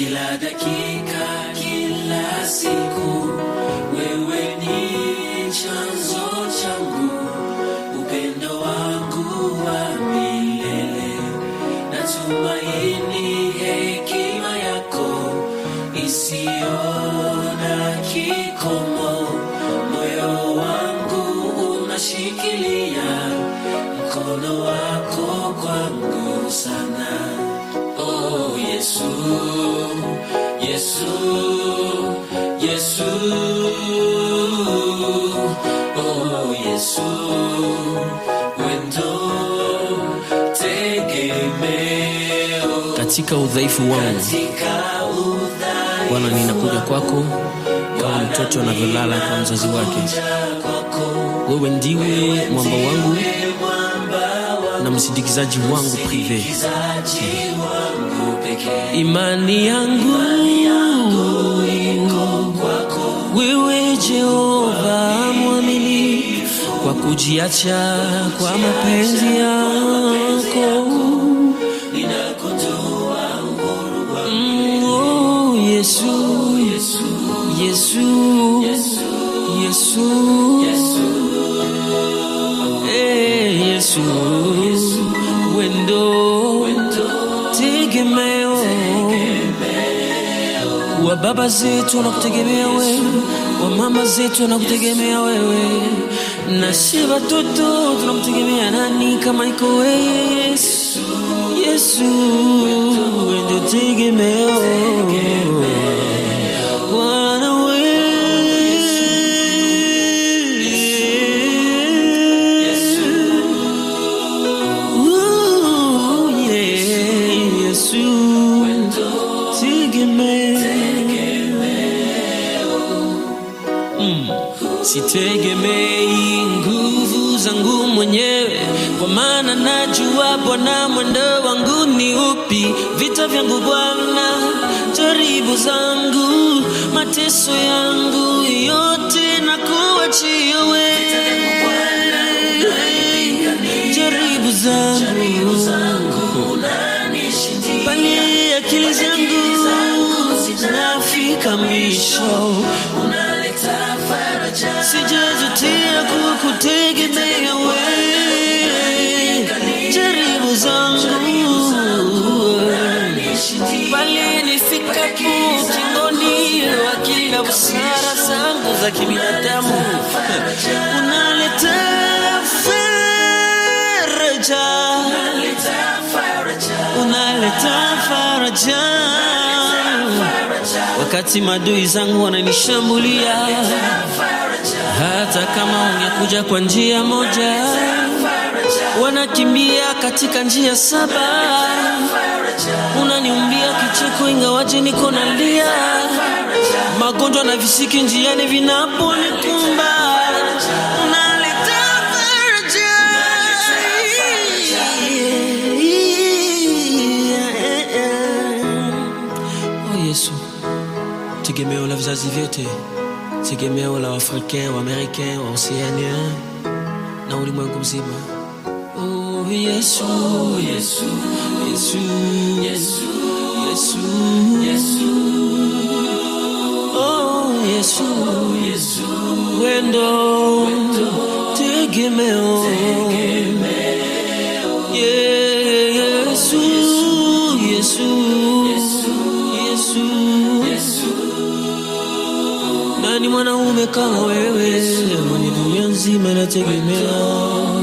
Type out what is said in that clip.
kila dakika, kila siku, wewe ni chanzo changu, upendo wangu wa milele, natumaini hekima yako isiyo na kikomo, moyo wangu unashikilia mkono wako kwangu sana Yesu, Yesu, Yesu, oh Yesu, wendo tegemeo. Katika udhaifu wangu Bwana, ninakuja kwako kama mtoto anavyolala kwa mzazi wake. Wewe ndiwe mwamba wangu na msindikizaji wangu prive Imani yangu iko kwako wewe, Jehova mwaminifu, kwa kujiacha kwa mapenzi yako ninakutoa huru, mm, oh, Yesu, Yesu, Yesu, Yesu Yesu Yesu eh, wa baba zetu wanakutegemea wewe, wa mama zetu wanakutegemea wewe, na sie watoto tunakutegemea nani kama iko wewe Yesu? Yesu ndio tegemeo Sitegemei nguvu zangu mwenyewe, kwa maana najua Bwana mwendo wangu ni upi. Vita vyangu Bwana, jaribu zangu, mateso yangu yote na kuachia jaribu zangu pale akili zangu zinafika mwisho sijajutia kukutegemea wewe, jaribu zangu bali nisikapu ukingoni wa kila busara zangu za kibinadamu unaleta faraja, unaleta faraja wakati madui zangu wananishambulia hata kama ungekuja kwa njia moja, wanakimbia katika njia saba. Unaniumbia kicheko ingawaje niko nalia, magonjwa na visiki njiani vinaponikumba oh, Yesu, tegemeo la vizazi vyote tegemeo la Waafrika, Waamerika, Waoseania na ulimwengu mzima. wendo, oh, tegemeo. Yesu, Yesu, Yesu, Yesu. mwanaume kama wewe, dunia nzima nategemea